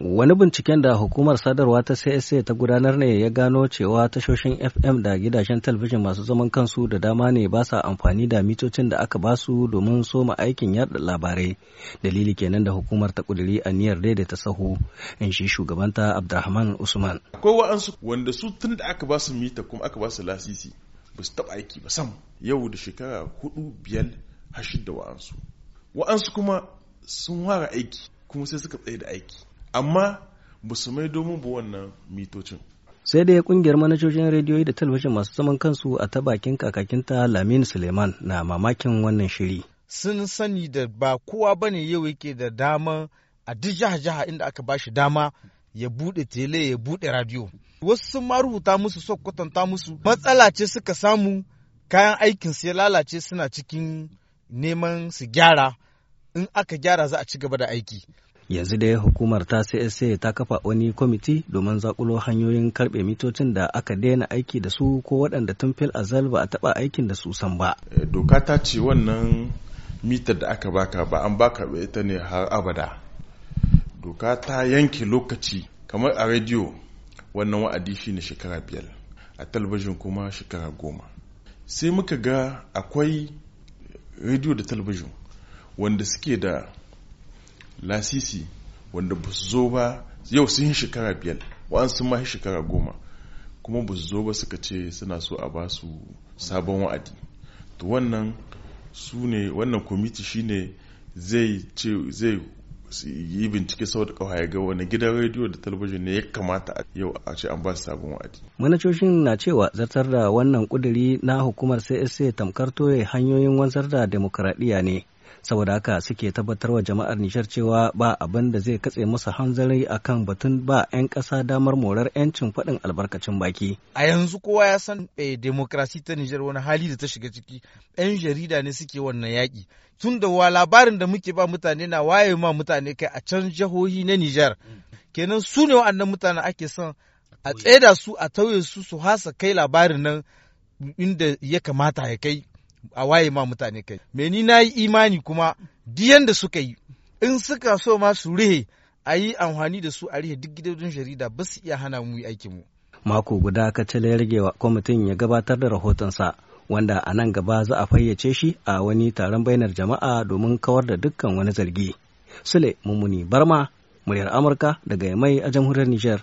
Wani binciken da hukumar sadarwa ta CSA ta gudanar ne ya gano cewa tashoshin FM da gidajen talabijin masu zaman kansu da dama ne ba sa amfani da mitocin da aka basu domin soma aikin yada labarai. Dalili kenan da hukumar ta kuduri aniyar daidaita sahu in shi shugabanta Abdulrahman Usman. Akwai wa'ansu wanda su tun da aka basu mita kuma aka basu lasisi ba su taɓa aiki ba sam yau da shekara hudu biyar har da wa'ansu. Wa'ansu kuma sun fara aiki kuma sai suka tsaye da aiki. amma ba su mai domin ba wannan mitocin sai dai kungiyar manajojin rediyoyi da talabijin masu zaman kansu a ta bakin kakakinta lamin suleiman na mamakin wannan shiri sun sani da ba kowa ba ne yau yake da dama a duk jiha-jiha inda aka ba shi dama ya buɗe tele ya buɗe radiyo. wasu sun ma rubuta musu so kwatanta musu matsala ce suka samu kayan aikinsu ya lalace suna cikin neman su gyara in aka gyara za a ci gaba da aiki yanzu dai hukumar ta CSA ta kafa wani kwamiti domin zakulo hanyoyin karbe mitocin da aka daina aiki da su ko waɗanda tun fil azal ba a taɓa aikin da su san ba. Eh, doka ta ce wannan mitar da aka baka ba an baka ba ita ne har abada. Doka ta yanke lokaci kamar a rediyo wannan wa'adi shi ne shekara biyar a talabijin kuma shekara goma. Sai muka ga akwai rediyo da talabijin wanda suke da lasisi wanda ba su zo ba yau sun yi shekara biyar wa'an sun ma yi shekara goma kuma ba su zo ba suka ce suna so a ba su sabon wa'adi to wannan su ne wannan kwamiti ne zai ce zai yi bincike sau da kawai ga wani gidan rediyo da talabijin ne ya kamata yau a ce an ba su sabon wa'adi. manacocin na cewa zartar da wannan kuduri na hukumar csa tamkar toye hanyoyin wanzar da demokradiyya ne saboda haka suke tabbatar wa jama'ar nishar cewa ba abin da zai katse musu hanzari kan batun ba 'yan kasa damar morar 'yancin faɗin albarkacin baki a yanzu kowa ya san eh, demokrasi ta nijar wani hali da ta shiga ciki 'yan jarida ne suke wannan yaki tun da wa labarin da muke ba mutane na waye ma mutane kai a can jihohi na nijar kenan su ne wa'annan mutanen ake son a tseda su a tauye su su hasa kai labarin nan inda ya kamata ya kai a waye ma mutane kai me ni na yi imani kuma diyan da suka yi in suka so ma su rihe a yi amfani da su a rihe duk gidajen jarida ba su iya hana mu aikin mu mako guda kacal ya rage kwamitin ya gabatar da rahotonsa wanda a nan gaba za a fayyace shi a wani taron bainar jama'a domin kawar da dukkan wani zargi sule mummuni barma muryar amurka daga mai a jamhuriyar nijar